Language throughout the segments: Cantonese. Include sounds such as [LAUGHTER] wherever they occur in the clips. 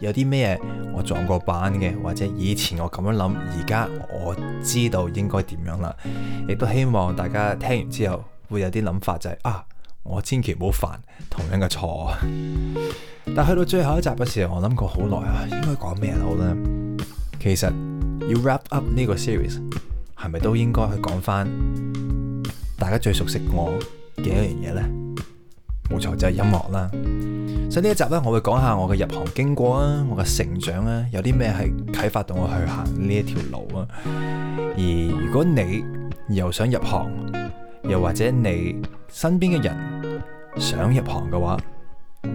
有啲咩我撞過板嘅，或者以前我咁樣諗，而家我知道應該點樣啦。亦都希望大家聽完之後會有啲諗法，就是，就係啊，我千祈唔好犯同樣嘅錯啊。 [LAUGHS] 但去到最後一集嘅時候，我諗過好耐啊，應該講咩好呢？其實要 wrap up 呢個 series，係咪都應該去講翻大家最熟悉我嘅一樣嘢呢？冇錯，就係、是、音樂啦。所以呢一集咧，我會講下我嘅入行經過啊，我嘅成長啊，有啲咩係啟發到我去行呢一條路啊。而如果你又想入行，又或者你身邊嘅人想入行嘅話，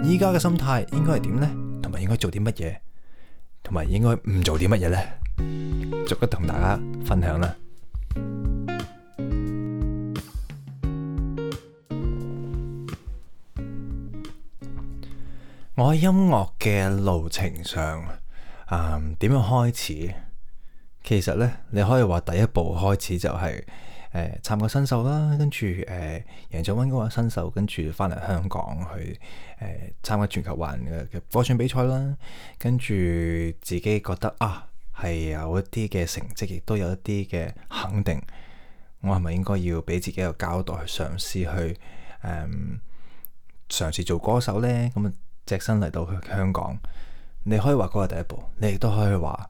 依家嘅心態應該係點呢？同埋應該做啲乜嘢？同埋應該唔做啲乜嘢呢？逐一同大家分享啦。我喺音樂嘅路程上，啊、嗯，點樣開始？其實呢，你可以話第一步開始就係、是，誒、呃，參加新秀啦，跟住誒、呃，贏咗溫哥華新秀，跟住翻嚟香港去，誒、呃，參加全球華人嘅歌唱比賽啦，跟住自己覺得啊，係有一啲嘅成績，亦都有一啲嘅肯定，我係咪應該要俾自己一個交代，去嘗試去，誒、呃，嘗試做歌手呢？咁、嗯隻身嚟到香港，你可以話嗰係第一步。你亦都可以去話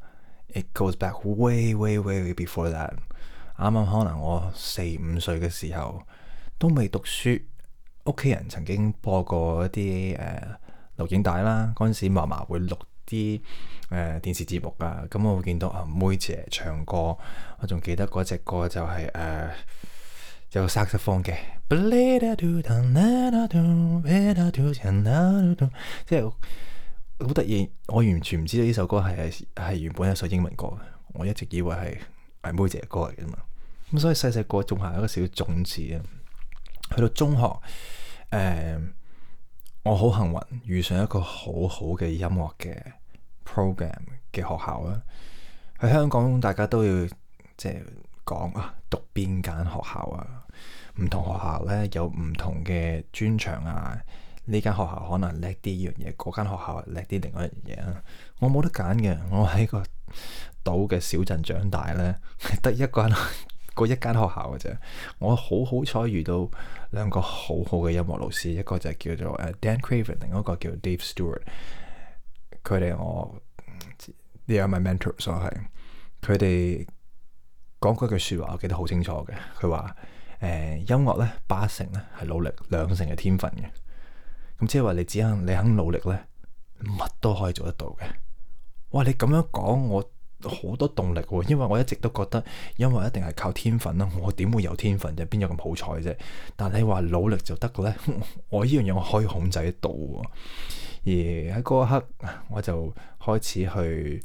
，It goes back way, way, way, before that。啱啱可能我四五歲嘅時候都未讀書，屋企人曾經播過一啲誒、呃、錄影帶啦。嗰陣時嫲嫲會錄啲誒、呃、電視節目㗎、啊。咁我會見到阿妹姐唱歌，我仲記得嗰隻歌就係、是、誒。呃有個薩克斯風嘅，即係好得意，我完全唔知道呢首歌係係原本一首英文歌，我一直以為係係梅姐嘅歌嚟嘅嘛。咁、嗯、所以細細個種下一個小種子啊。去到中學，誒、嗯，我好幸運遇上一個好好嘅音樂嘅 program 嘅學校啦。喺香港，大家都要即係。講啊，讀邊間學校啊？唔同學校咧，有唔同嘅專長啊。呢間學校可能叻啲呢樣嘢，嗰間學校叻啲另外一樣嘢啊。我冇得揀嘅，我喺個島嘅小鎮長大咧，得一個個 [LAUGHS] 一間學校嘅啫。我好好彩遇到兩個好好嘅音樂老師，一個就係叫做誒 Dan Craven，另一個叫 Dave Stewart。佢哋我呢兩個係 mentors 所係，佢哋。講嗰句說話，我記得好清楚嘅。佢話：誒、呃，音樂咧，八成咧係努力，兩成嘅天分嘅。咁即係話，你只肯你肯努力咧，乜都可以做得到嘅。哇！你咁樣講，我好多動力喎、哦。因為我一直都覺得，音樂一定係靠天分啦。我點會有天分啫？邊有咁好彩啫？但係你話努力就得嘅咧， [LAUGHS] 我依樣嘢我可以控制得到、哦。而喺嗰一刻，我就開始去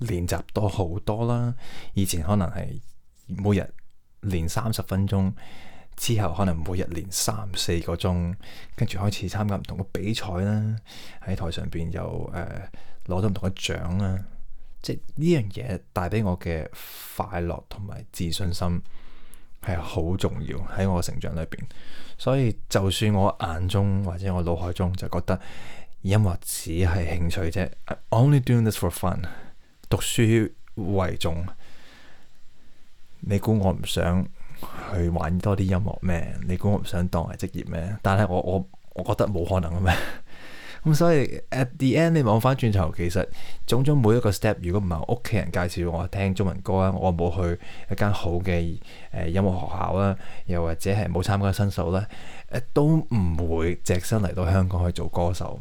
練習多好多啦。以前可能係。每日練三十分鐘之後，可能每日練三四個鐘，跟住開始參加唔同嘅比賽啦，喺台上邊又誒攞到唔同嘅獎啦。即係呢樣嘢帶俾我嘅快樂同埋自信心係好重要喺我嘅成長裏邊。所以就算我眼中或者我腦海中就覺得音樂只係興趣啫，I'm only doing this for fun，讀書為重。你估我唔想去玩多啲音樂咩？你估我唔想當係職業咩？但係我我我覺得冇可能嘅咩？咁 [LAUGHS] 所以 at the end 你望翻轉頭，其實種種每一個 step，如果唔係屋企人介紹我聽中文歌啦，我冇去一間好嘅誒音樂學校啦，又或者係冇參加新秀咧，都唔會隻身嚟到香港去做歌手。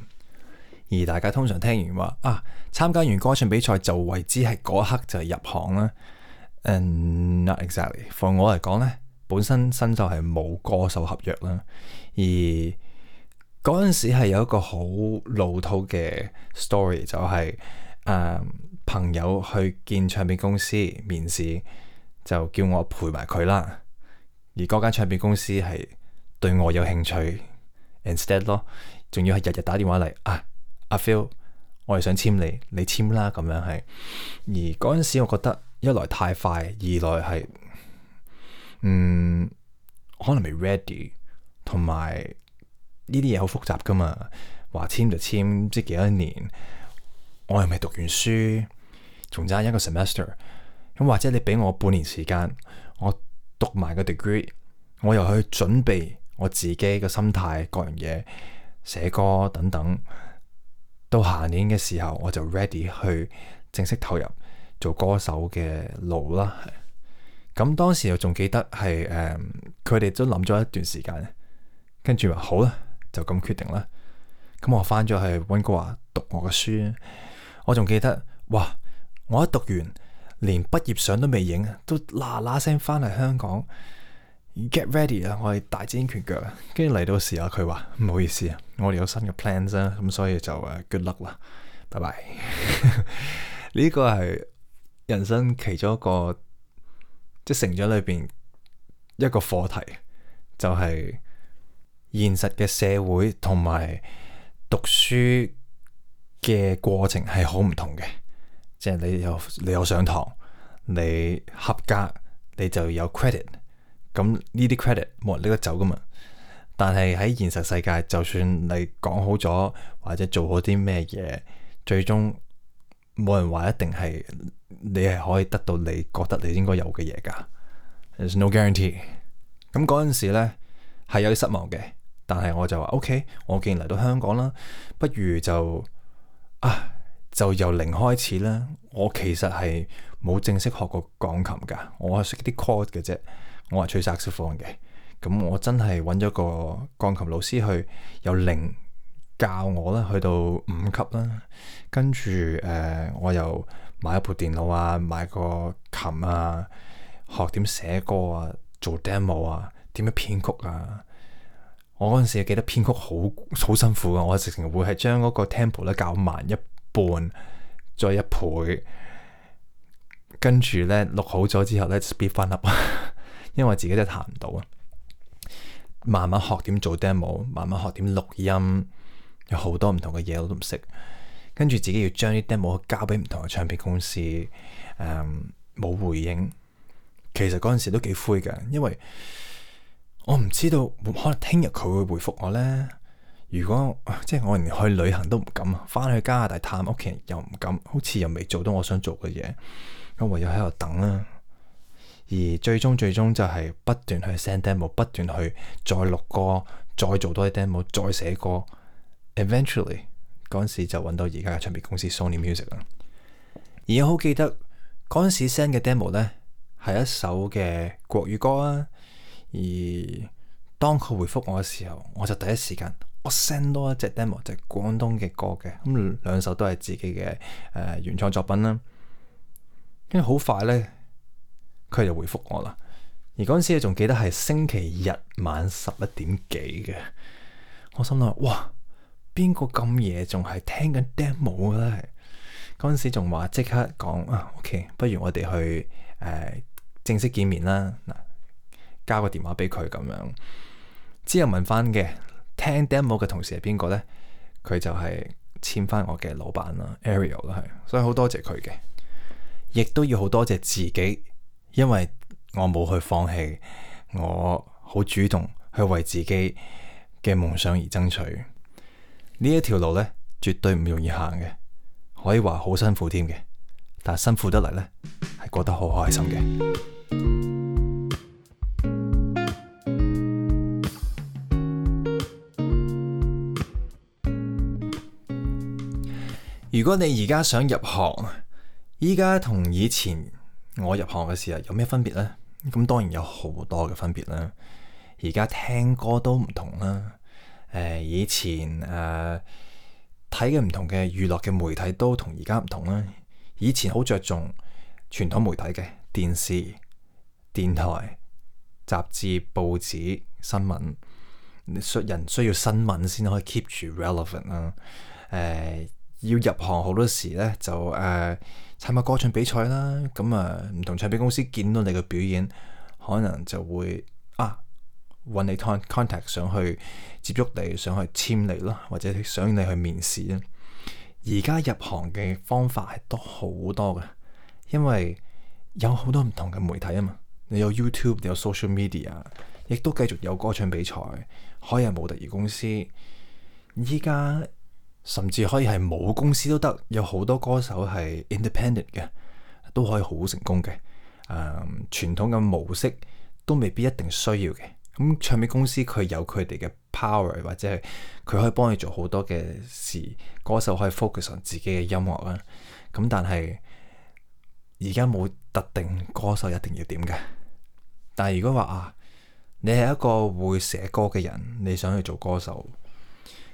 而大家通常聽完話啊，參加完歌唱比賽就為之係嗰一刻就係入行啦。誒、uh，not exactly。放我嚟講呢，本身新就係冇歌手合約啦。而嗰陣時係有一個好老套嘅 story，就係、是嗯、朋友去見唱片公司面試，就叫我陪埋佢啦。而嗰間唱片公司係對我有興趣，instead 咯，仲要係日日打電話嚟啊，阿 Phil，我係想簽你，你簽啦，咁樣係。而嗰陣時我覺得。一來太快，二來係，嗯，可能未 ready，同埋呢啲嘢好複雜㗎嘛。話簽就簽，唔知幾多年，我又未讀完書，仲爭一個 semester。咁或者你俾我半年時間，我讀埋個 degree，我又去準備我自己嘅心態各樣嘢，寫歌等等，到下年嘅時候我就 ready 去正式投入。做歌手嘅路啦，咁當時我仲記得係誒，佢、嗯、哋都諗咗一段時間，跟住話好啦，就咁決定啦。咁我翻咗去溫哥華讀我嘅書，我仲記得哇，我一讀完連畢業相都未影都嗱嗱聲翻嚟香港。Get ready 啊，我哋大展拳腳，跟住嚟到時啊，佢話唔好意思啊，我哋有新嘅 plans 啊，咁所以就誒 good luck 啦，拜拜。呢 [LAUGHS] 個係。人生其中一個即成長裏邊一個課題，就係現實嘅社會同埋讀書嘅過程係好唔同嘅。即係你有，你有上堂，你合格你就有 credit。咁呢啲 credit 冇人拎得走噶嘛？但係喺現實世界，就算你講好咗或者做好啲咩嘢，最終冇人話一定係你係可以得到你覺得你應該有嘅嘢噶，There's no guarantee。咁嗰陣時呢係有啲失望嘅，但係我就話，OK，我既然嚟到香港啦，不如就啊就由零開始啦。我其實係冇正式學過鋼琴噶，我係識啲 chord 嘅啫，我係吹 saxophone 嘅。咁我真係揾咗個鋼琴老師去由零。教我咧去到五級啦，跟住誒、呃、我又買一部電腦啊，買個琴啊，學點寫歌啊，做 demo 啊，點樣編曲啊？我嗰陣時記得編曲好好辛苦啊。我直情會係將嗰個 tempo 咧，教慢一半再一倍，跟住咧，錄好咗之後咧 speed 翻 up， [LAUGHS] 因為我自己真係彈唔到啊。慢慢學點做 demo，慢慢學點錄音。有好多唔同嘅嘢，我都唔識。跟住自己要將啲 demo 交俾唔同嘅唱片公司，誒、嗯、冇回應。其實嗰陣時都幾灰嘅，因為我唔知道可能聽日佢會回覆我咧。如果即係我連去旅行都唔敢，返去加拿大探屋企人又唔敢，好似又未做到我想做嘅嘢。咁唯有喺度等啦、啊。而最終最終就係不斷去 send demo，不斷去再錄歌，再做多啲 demo，再寫歌。Eventually 嗰陣時就揾到而家嘅唱片公司 Sony Music 啦。而我好記得嗰陣時 send 嘅 demo 呢，係一首嘅國語歌啦、啊。而當佢回覆我嘅時候，我就第一時間我 send 多一隻 demo，就係廣東嘅歌嘅。咁兩首都係自己嘅、呃、原創作品啦。跟住好快呢，佢就回覆我啦。而嗰陣時仲記得係星期日晚十一點幾嘅。我心諗哇～邊個咁夜仲係聽緊 demo 咧？係嗰陣時仲話即刻講啊，OK，不如我哋去誒、呃、正式見面啦。嗱，交個電話俾佢咁樣之後問翻嘅聽 demo 嘅同事係邊個咧？佢就係簽翻我嘅老闆啦，Ariel 啦係，所以好多謝佢嘅，亦都要好多謝自己，因為我冇去放棄，我好主動去為自己嘅夢想而爭取。一條呢，一條路咧，絕對唔容易行嘅，可以話好辛苦添嘅。但辛苦得嚟咧，係過得好開心嘅。 [MUSIC] 如果你而家想入行，依家同以前我入行嘅時候有咩分別呢？咁當然有好多嘅分別啦。而家聽歌都唔同啦。以前誒睇嘅唔同嘅娛樂嘅媒體都同而家唔同啦。以前好着重傳統媒體嘅電視、電台、雜誌、報紙、新聞，人需要新聞先可以 keep 住 relevant 啦、呃。誒要入行好多時呢就誒呃、參加歌唱比賽啦，咁啊唔同唱片公司見到你嘅表演，可能就會，搵你 contact 上去接觸你，上去簽你啦，或者想你去面試啦。而家入行嘅方法係多好多嘅，因為有好多唔同嘅媒體啊嘛。你有 YouTube，你有 social media，亦都繼續有歌唱比賽，可以係模特兒公司。依家甚至可以係冇公司都得，有好多歌手係 independent 嘅，都可以好成功嘅。誒、um，傳統嘅模式都未必一定需要嘅。咁唱片公司佢有佢哋嘅 power，或者係佢可以幫你做好多嘅事，歌手可以 focus on 自己嘅音樂啦。咁但係而家冇特定歌手一定要點嘅。但係如果話啊，你係一個會寫歌嘅人，你想去做歌手，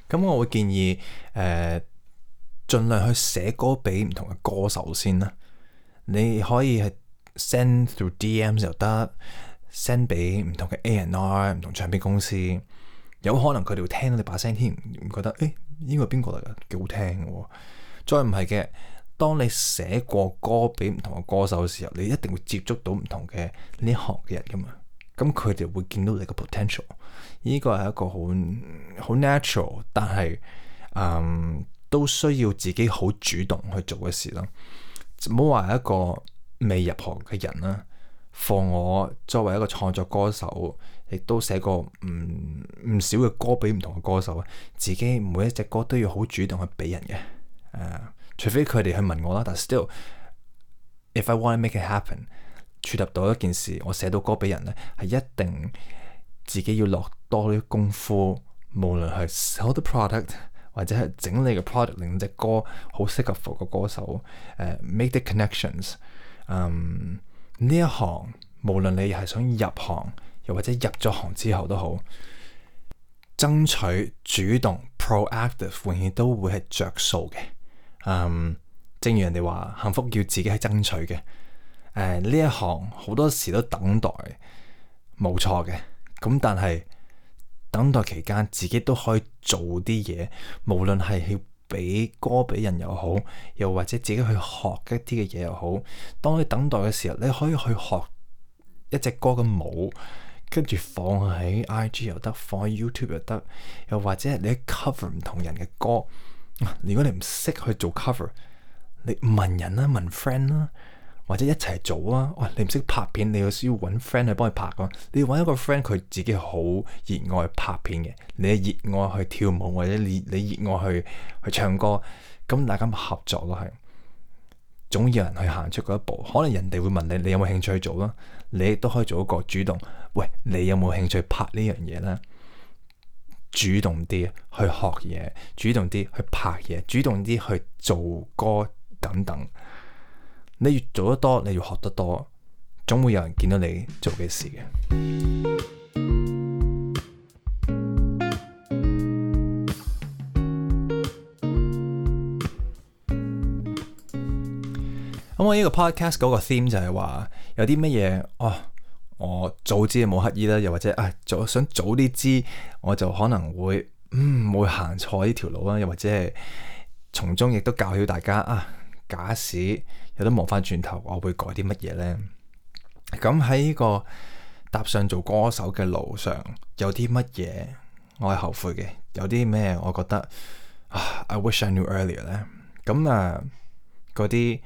咁我會建議誒，儘量去寫歌俾唔同嘅歌手先啦。你可以係 send through DMs 又得。send 俾唔同嘅 A&R 唔同唱片公司，有可能佢哋會聽到你把聲添，覺得誒呢個邊個嚟嘅，幾、欸、好聽嘅。再唔係嘅，當你寫過歌俾唔同嘅歌手嘅時候，你一定會接觸到唔同嘅呢行嘅人噶嘛。咁佢哋會見到你嘅 potential。呢個係一個好好 natural，但係誒、嗯、都需要自己好主動去做嘅事咯。唔好話一個未入行嘅人啦。For 我作為一個創作歌手，亦都寫過唔唔少嘅歌俾唔同嘅歌手。自己每一隻歌都要好主動去俾人嘅，誒、uh,，除非佢哋去問我啦。但 still，if I want to make it happen，觸及到一件事，我寫到歌俾人咧，係一定自己要落多啲功夫，無論係 sell the product 或者係整理嘅 product，令隻歌好適合 for 個歌手，誒、uh,，make the connections，嗯、um,。呢一行，無論你係想入行，又或者入咗行之後都好，爭取主動 proactive，永遠都會係着數嘅。嗯、um,，正如人哋話，幸福要自己係爭取嘅。誒，呢一行好多時都等待，冇錯嘅。咁但係等待期間，自己都可以做啲嘢，無論係去俾歌俾人又好，又或者自己去學一啲嘅嘢又好。當你等待嘅時候，你可以去學一隻歌嘅舞，跟住放喺 IG 又得，放喺 YouTube 又得，又或者你 cover 唔同人嘅歌。如果你唔識去做 cover，你問人啦、啊，問 friend 啦、啊。或者一齊做啊！喂，你唔識拍片，你要需要揾 friend 去幫你拍咯。你要揾一個 friend，佢自己好熱愛拍片嘅。你熱愛去跳舞，或者你你熱愛去去唱歌，咁大家合作咯，係。總有人去行出嗰一步，可能人哋會問你，你有冇興趣去做啦？你都可以做一個主動。喂，你有冇興趣拍呢樣嘢咧？主動啲去學嘢，主動啲去拍嘢，主動啲去，去做歌等等。你越做得多，你要學得多，總會有人見到你做嘅事嘅。咁、 [MUSIC] 嗯、我呢個 podcast 嗰個 theme 就係話有啲乜嘢哦，我早知冇乞兒啦，又或者啊，早想早啲知，我就可能會唔會行錯呢條路啦，又或者係從中亦都教曉大家啊，假使。有得望翻轉頭，我會改啲乜嘢呢？咁喺呢個踏上做歌手嘅路上，有啲乜嘢我係後悔嘅？有啲咩我覺得？I wish I knew earlier 呢，咁啊，嗰啲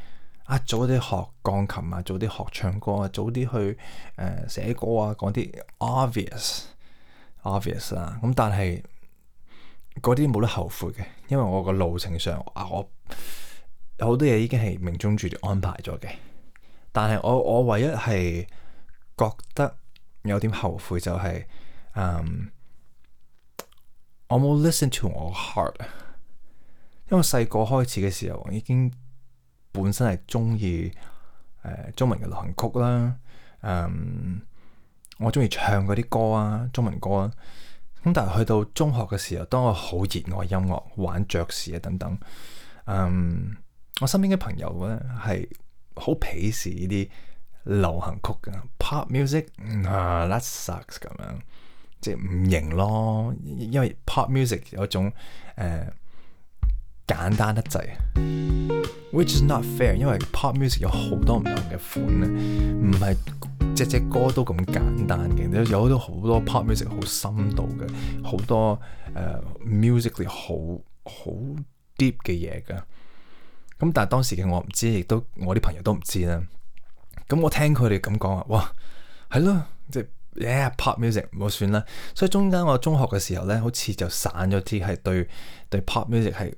啊早啲學鋼琴啊，早啲學唱歌啊，早啲去誒、呃、寫歌啊，嗰啲 obvious obvious 啦。咁但係嗰啲冇得後悔嘅，因為我個路程上啊我。有好多嘢已經係命中注定安排咗嘅，但係我我唯一係覺得有啲後悔就係、是，um, 我冇 listen to 我 heart，因為細個開始嘅時候我已經本身係中意中文嘅流行曲啦，um, 我中意唱嗰啲歌啊，中文歌啊，咁但係去到中學嘅時候，當我好熱愛音樂、玩爵士啊等等，um, 我身邊嘅朋友咧係好鄙視呢啲流行曲嘅 pop music，那、no, that sucks 咁樣，即係唔型咯。因為 pop music 有一種誒、呃、簡單得滯，which is not fair。因為 pop music 有好多唔同嘅款咧，唔係隻隻歌都咁簡單嘅，有好多好多 pop music 好深度嘅，好多誒、呃、musically 好好 deep 嘅嘢㗎。咁但係當時嘅我唔知，亦都我啲朋友都唔知啦。咁我聽佢哋咁講啊，哇，係咯，即、就、係、是，誒、yeah，pop music，唔好算啦。所以中間我中學嘅時候咧，好似就散咗啲，係對對 pop music 係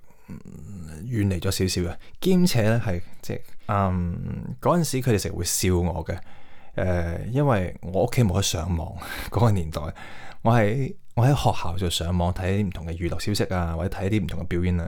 遠離咗少少嘅，兼且咧係即係，嗯，嗰陣、嗯、時佢哋成日會笑我嘅，誒、呃，因為我屋企冇得上網嗰 [LAUGHS] 個年代，我喺我喺學校就上網睇啲唔同嘅娛樂消息啊，或者睇一啲唔同嘅表演啊。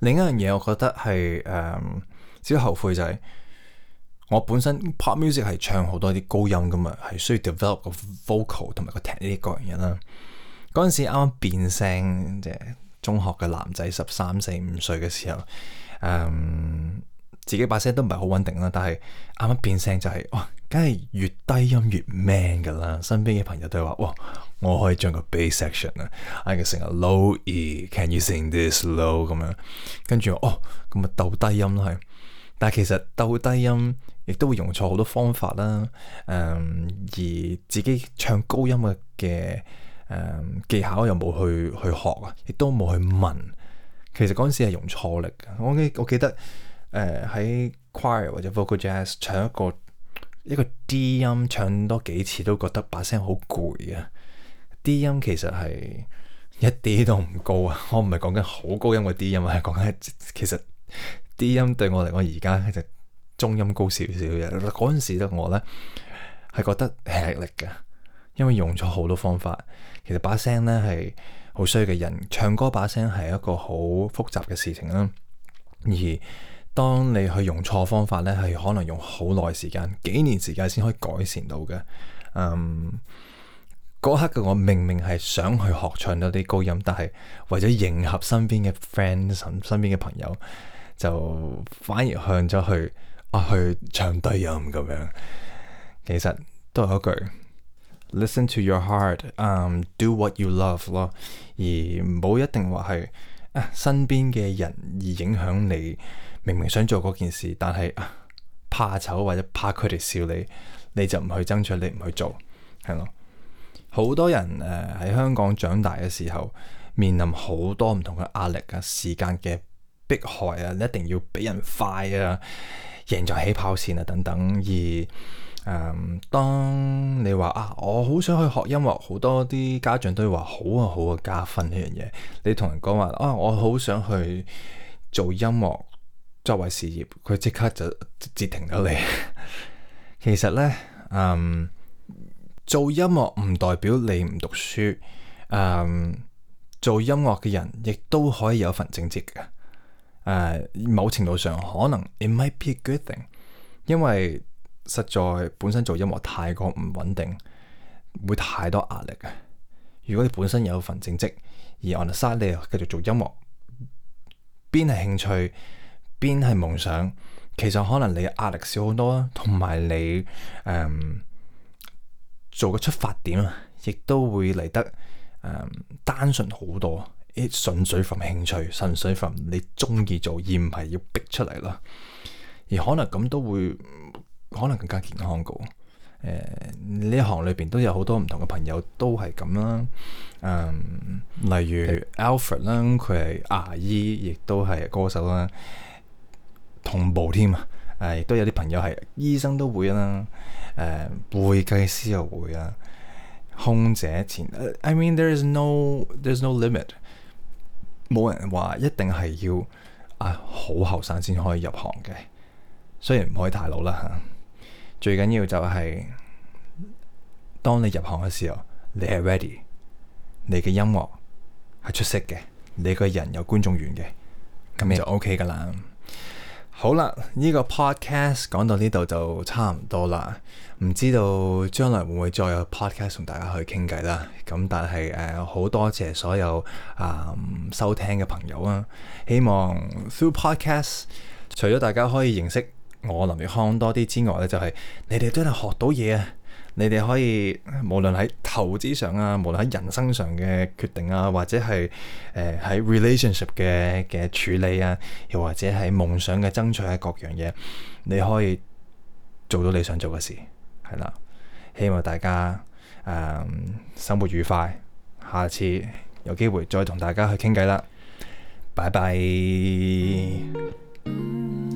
另一樣嘢，我覺得係誒、嗯、少後悔就係、是、我本身 p o 拍 music 係唱好多啲高音噶嘛，係需要 develop vocal 個 vocal 同埋個 t e c h n i 樣嘢啦。嗰陣時啱啱變聲，即係中學嘅男仔十三四五歲嘅時候，誒、嗯、自己把聲都唔係好穩定啦。但係啱啱變聲就係、是、哇，梗係越低音越 man 㗎啦。身邊嘅朋友都話哇～我可以將個 bass section 啊，I can sing a low E，can you sing this low 咁樣跟住哦，咁咪鬥低音咯係。但係其實鬥低音亦都會用錯好多方法啦。誒、嗯，而自己唱高音嘅嘅誒技巧又冇去去學啊，亦都冇去問。其實嗰陣時係用錯力。我我記得誒喺 choir 或者 vocal jazz 唱一個一個 d 音唱多幾次都覺得把聲好攰啊。D 音其實係一啲都唔高啊！我唔係講緊好高音嘅 D 音啊，係講緊其實 D 音對我嚟講而家就中音高少少嘅。嗰陣時我呢係覺得吃力嘅，因為用咗好多方法。其實把聲呢係好衰嘅，人唱歌把聲係一個好複雜嘅事情啦。而當你去用錯方法呢，係可能用好耐時間、幾年時間先可以改善到嘅。嗯。嗰刻嘅我明明係想去學唱多啲高音，但係為咗迎合身邊嘅 friend、身身邊嘅朋友，就反而向咗去啊去唱低音咁樣。其實都係嗰句 listen to your heart，um, do what you love 咯，而唔好一定話係啊。身邊嘅人而影響你，明明想做嗰件事，但係啊怕醜或者怕佢哋笑你，你就唔去爭取，你唔去做係咯。好多人誒喺香港長大嘅時候，面臨好多唔同嘅壓力啊、時間嘅迫害啊、你一定要比人快啊、贏在起跑線啊等等。而誒、嗯，當你話啊，我好想去學音樂，好多啲家長都會話好啊好啊加分呢樣嘢。你同人講話啊，我好想去做音樂作為事業，佢即刻就截停咗你。其實呢。嗯。做音樂唔代表你唔讀書，um, 做音樂嘅人亦都可以有份正職嘅。Uh, 某程度上可能，it might be a good thing，因為實在本身做音樂太過唔穩定，會太多壓力嘅。如果你本身有份正職，而 on the side 你又繼續做音樂，邊係興趣，邊係夢想，其實可能你壓力少好多啦，同埋你、um, 做個出發點啊，亦都會嚟得誒、呃、單純好多，誒純粹份興趣，純粹份你中意做，而唔係要逼出嚟啦。而可能咁都會可能更加健康個。誒、呃、呢一行裏邊都有好多唔同嘅朋友都係咁啦。嗯、呃，例如 Alfred 啦，佢係牙醫，亦都係歌手啦，同步添啊！誒，亦都、啊、有啲朋友係醫生都會啦，誒、呃，會計師又會啦，空姐前，誒，I mean there is no there is no limit，冇人話一定係要啊好後生先可以入行嘅，雖然唔可以太老啦吓、啊，最緊要就係、是、當你入行嘅時候，你係 ready，你嘅音樂係出色嘅，你個人有觀眾緣嘅，咁你就 OK 噶啦。好啦，呢、這個 podcast 講到呢度就差唔多啦，唔知道將來會唔會再有 podcast 同大家去傾偈啦。咁但係誒，好、呃、多謝所有啊、呃、收聽嘅朋友啊，希望 through podcast 除咗大家可以認識我林月康多啲之外咧，就係、是、你哋都係學到嘢啊。你哋可以無論喺投資上啊，無論喺人生上嘅決定啊，或者係誒喺、呃、relationship 嘅嘅處理啊，又或者喺夢想嘅爭取啊，各樣嘢，你可以做到你想做嘅事，係啦。希望大家誒、呃、生活愉快，下次有機會再同大家去傾偈啦。拜拜。 [MUSIC]